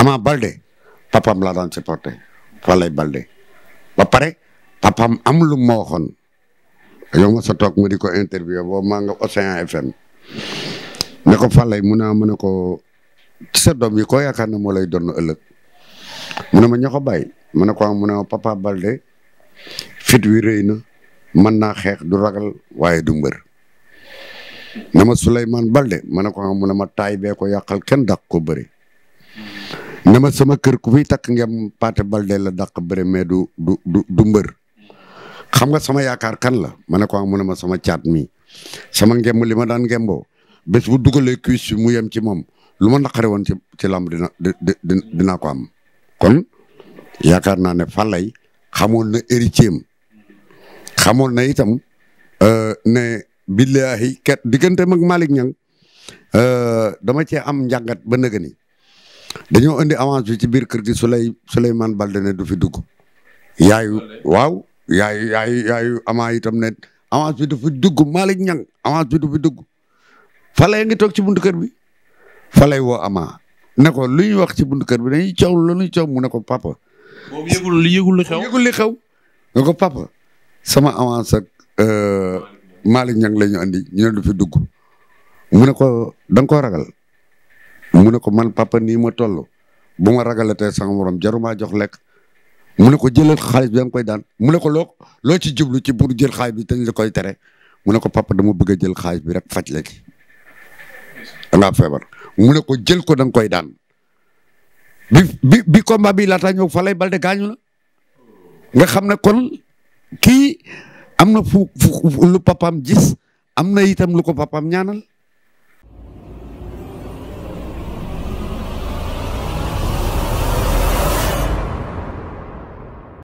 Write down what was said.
Ama Balde papam laa daan supporté Balde ba pare papam am lu ma waxoon ma sa toog ma di ko interview boo maa nga Océan FM ne ko Falaye mu ne ma ko ci sa doom yi ko yaakaar ne moo lay doon ëllëg mu ne ma ñoo ko bàyyi ne ko mu ne ma papa Balde fit wi rëy na mën naa xeex du ragal waaye du mbër ne ma Souleymane Balde ma ne ko ah, mu ne ma taay bee ko yàqal kenn dàq ko bëri. ne ma sama kër ku fiy takk ngem Pathé Baldé la dàq bëre mais du du du du mbër xam nga sama yaakaar kan la ma ne ko ah, mu ne ma sama caat mi sama ngemb li ma daan ngemboo bés bu dugalee cuisse mu yem ci moom lu ma naqare woon ci ci làmb dina dinaa ko am kon yaakaar naa ne Fallay xamoon na héritier xamoon na itam euh, ne billahi ket diggante mag Malick Niang euh, dama cee am njàngat ba nëgëni dañoo indi avance bi ci biir kër gi Souley Souleymane Balde ne du fi dugg. yaayu waaw yaayu yaayu yaayu amaa itam ne avance bi du fi dugg Malick Niang avance bi du fi dugg. Falay ngi toog ci buntu kër bi Falay woo amaa ne ko lu ñuy wax ci bunt kër bi dañuy coow lu mu ne ko papa. moom yëgul li ko papa sama avance ak euh, Malick Niang la ñu andi ñu ne du fi dugg mu ne ko da ko ragal. mu ne ko man papa nii ma toll bu ma ragalatee sama morom jarumaa jox lekk mu ne ko jël xaalis bi koy daan mu ne ko loo loo ci jublu ci pour jël xaalis bi te ñu koy tere mu ne ko papa dama bëgg a jël xaalis bi rek faj la ci da feebar mu ne ko jël ko da koy daan bi bi bi combat bi laataa ñëw fa lay balde gaañu na nga xam ne kon kii am na fu lu papaam gis am na itam lu ko papaam ñaanal.